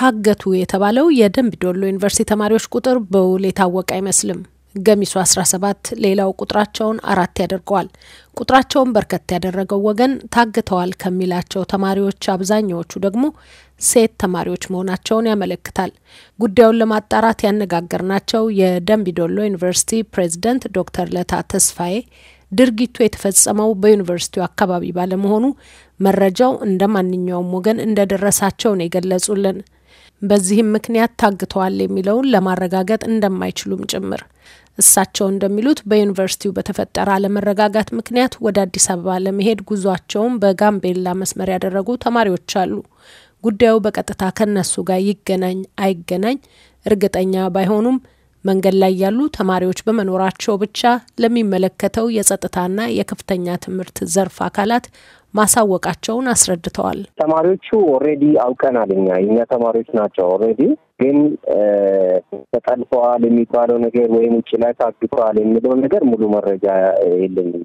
ታገቱ የተባለው የደንቢ ዶሎ ዩኒቨርሲቲ ተማሪዎች ቁጥር በውል የታወቀ አይመስልም። ገሚሱ 17 ሌላው ቁጥራቸውን አራት ያደርገዋል። ቁጥራቸውን በርከት ያደረገው ወገን ታግተዋል ከሚላቸው ተማሪዎች አብዛኛዎቹ ደግሞ ሴት ተማሪዎች መሆናቸውን ያመለክታል። ጉዳዩን ለማጣራት ያነጋገርናቸው የደንቢ ዶሎ ዩኒቨርሲቲ ፕሬዝደንት ዶክተር ለታ ተስፋዬ ድርጊቱ የተፈጸመው በዩኒቨርሲቲው አካባቢ ባለመሆኑ መረጃው እንደ ማንኛውም ወገን እንደደረሳቸው ነው የገለጹልን። በዚህም ምክንያት ታግተዋል የሚለውን ለማረጋገጥ እንደማይችሉም ጭምር። እሳቸው እንደሚሉት በዩኒቨርሲቲው በተፈጠረ አለመረጋጋት ምክንያት ወደ አዲስ አበባ ለመሄድ ጉዟቸውን በጋምቤላ መስመር ያደረጉ ተማሪዎች አሉ። ጉዳዩ በቀጥታ ከነሱ ጋር ይገናኝ አይገናኝ እርግጠኛ ባይሆኑም መንገድ ላይ ያሉ ተማሪዎች በመኖራቸው ብቻ ለሚመለከተው የጸጥታና የከፍተኛ ትምህርት ዘርፍ አካላት ማሳወቃቸውን አስረድተዋል። ተማሪዎቹ ኦሬዲ አውቀናል። እኛ እኛ ተማሪዎች ናቸው። ኦሬዲ ግን ተጠልፈዋል የሚባለው ነገር ወይም ውጭ ላይ ታግተዋል የሚለውን ነገር ሙሉ መረጃ የለኝም።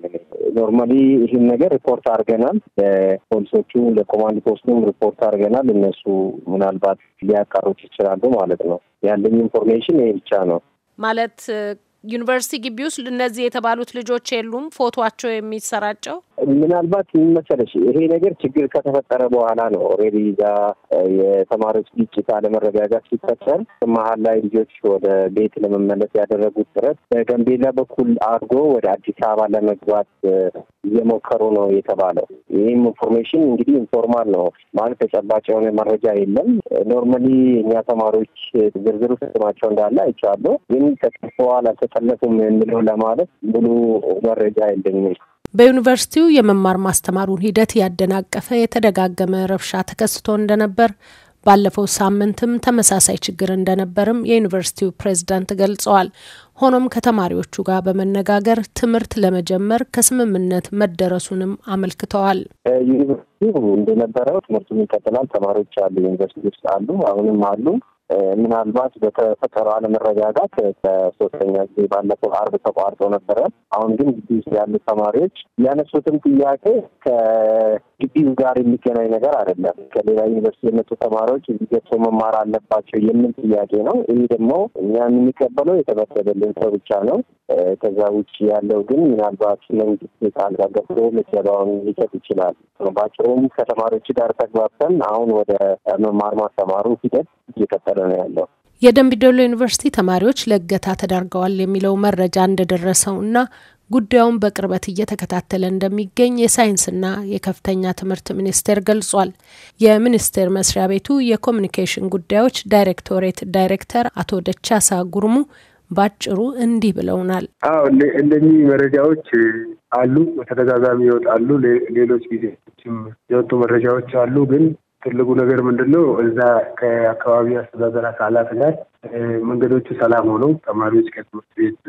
ኖርማሊ ይህን ነገር ሪፖርት አድርገናል። ለፖሊሶቹ ለኮማንድ ፖስቱም ሪፖርት አድርገናል። እነሱ ምናልባት ሊያቃሩት ይችላሉ ማለት ነው። ያለኝ ኢንፎርሜሽን ይህ ብቻ ነው ማለት ዩኒቨርሲቲ ግቢ ውስጥ እነዚህ የተባሉት ልጆች የሉም ፎቶቸው የሚሰራጨው? ምናልባት መሰለሽ ይሄ ነገር ችግር ከተፈጠረ በኋላ ነው። ኦልሬዲ እዛ የተማሪዎች ግጭት አለመረጋጋት ሲፈጠር መሀል ላይ ልጆች ወደ ቤት ለመመለስ ያደረጉት ጥረት በገንቤላ በኩል አድጎ ወደ አዲስ አበባ ለመግባት እየሞከሩ ነው የተባለው። ይህም ኢንፎርሜሽን እንግዲህ ኢንፎርማል ነው ማለት ተጨባጭ የሆነ መረጃ የለም። ኖርማሊ እኛ ተማሪዎች ዝርዝሩ ስማቸው እንዳለ አይቻለሁ፣ ግን በኋላ አልፈለኩም የሚለው ለማለት ሙሉ መረጃ የለኝም። በዩኒቨርሲቲው የመማር ማስተማሩን ሂደት ያደናቀፈ የተደጋገመ ረብሻ ተከስቶ እንደነበር ባለፈው ሳምንትም ተመሳሳይ ችግር እንደነበርም የዩኒቨርሲቲው ፕሬዝዳንት ገልጸዋል። ሆኖም ከተማሪዎቹ ጋር በመነጋገር ትምህርት ለመጀመር ከስምምነት መደረሱንም አመልክተዋል። ዩኒቨርሲቲው እንደነበረው ትምህርቱን ይቀጥላል። ተማሪዎች አሉ፣ ዩኒቨርሲቲ ውስጥ አሉ፣ አሁንም አሉ። ምናልባት በተፈጠረው አለመረጋጋት በሶስተኛ ጊዜ ባለፈው አርብ ተቋርጦ ነበረ። አሁን ግን ግቢ ውስጥ ያሉ ተማሪዎች ያነሱትም ጥያቄ ግቢው ጋር የሚገናኝ ነገር አይደለም። ከሌላ ዩኒቨርሲቲ የመጡ ተማሪዎች እዚህ ገብቶ መማር አለባቸው የሚል ጥያቄ ነው። ይህ ደግሞ እኛ የምንቀበለው የተመደበልን ሰው ብቻ ነው። ከዛ ውጭ ያለው ግን ምናልባት መንግስት ጣልቃ ገብቶ ሊሰጥ ይችላል። ባጭሩም ከተማሪዎች ጋር ተግባብተን አሁን ወደ መማር ማስተማሩ ሂደት እየቀጠለ ነው ያለው። የደንቢ ዩኒቨርሲቲ ተማሪዎች ለእገታ ተዳርገዋል የሚለው መረጃ እንደደረሰው እና ጉዳዩን በቅርበት እየተከታተለ እንደሚገኝ የሳይንስና የከፍተኛ ትምህርት ሚኒስቴር ገልጿል። የሚኒስቴር መስሪያ ቤቱ የኮሚኒኬሽን ጉዳዮች ዳይሬክቶሬት ዳይሬክተር አቶ ደቻሳ ጉርሙ ባጭሩ እንዲህ ብለውናል። አዎ እንደኚህ መረጃዎች አሉ፣ በተደጋጋሚ ይወጣሉ። ሌሎች ጊዜዎችም የወጡ መረጃዎች አሉ። ግን ትልቁ ነገር ምንድን ነው? እዛ ከአካባቢ አስተዳደር አካላት ጋር መንገዶቹ ሰላም ሆነው ተማሪዎች ከትምህርት ቤት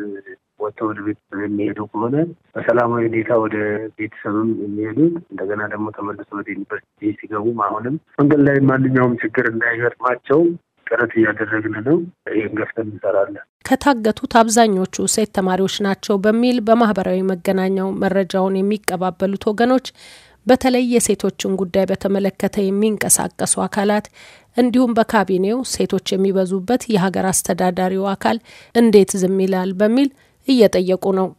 ወጥተው ወደ ቤተሰብ የሚሄዱ ከሆነ በሰላማዊ ሁኔታ ወደ ቤተሰብም የሚሄዱት እንደገና ደግሞ ተመልሶ ወደ ዩኒቨርሲቲ ሲገቡም አሁንም መንገድ ላይ ማንኛውም ችግር እንዳይገጥማቸው ጥረት እያደረግን ነው። ይህን ገፍተን እንሰራለን። ከታገቱት አብዛኞቹ ሴት ተማሪዎች ናቸው በሚል በማህበራዊ መገናኛው መረጃውን የሚቀባበሉት ወገኖች በተለይ የሴቶችን ጉዳይ በተመለከተ የሚንቀሳቀሱ አካላት እንዲሁም በካቢኔው ሴቶች የሚበዙበት የሀገር አስተዳዳሪው አካል እንዴት ዝም ይላል በሚል እየጠየቁ ነው።